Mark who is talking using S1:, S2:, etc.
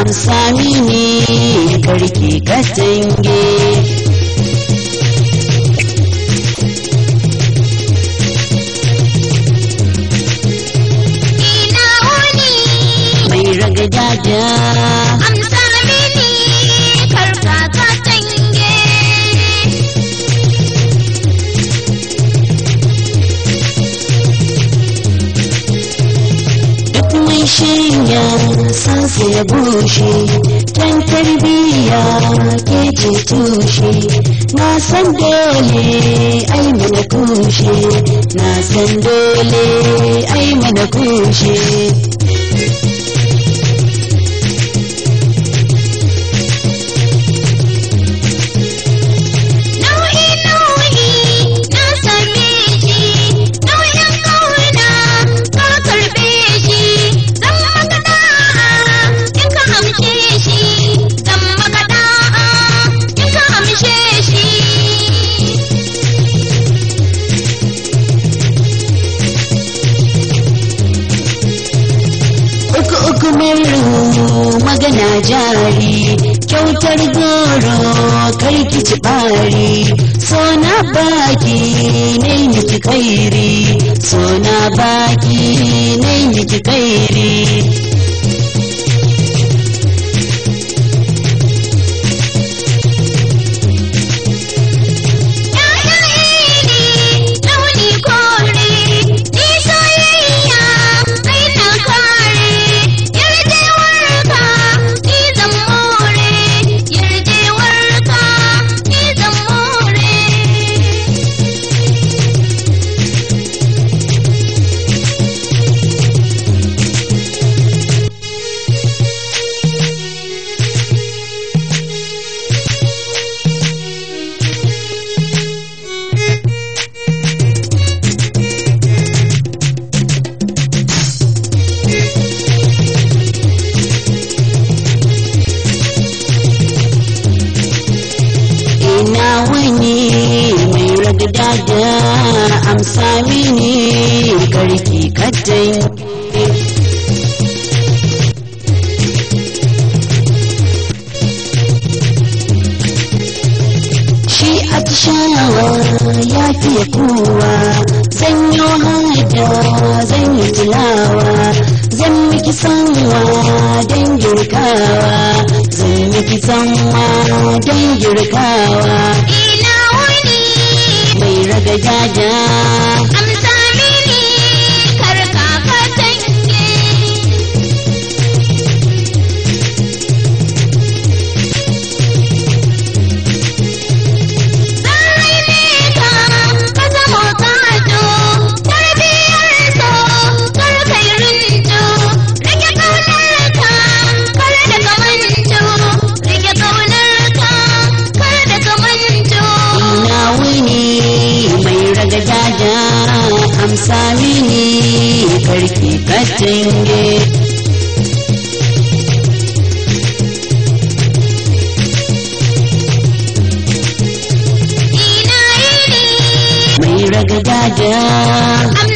S1: amsa mini karki katange
S2: ina wuni mai ragajajen shinya sansa ya bushe dan tarbiya ke
S1: ce tushe na san dole ai mana kushe na san dole ai mana kushe jari kyautar goro kai kici bari so na baki ne miki kairi so baki ne miki kairi nawa ne mai wadda da amsa mini karki kadai
S2: shi a atishawa ya fiye kowa
S1: zanyo hada yi tilawa zan miki sanwa don girkawa rikitan ma don girkawa amsa mini karki katange Mai ragada da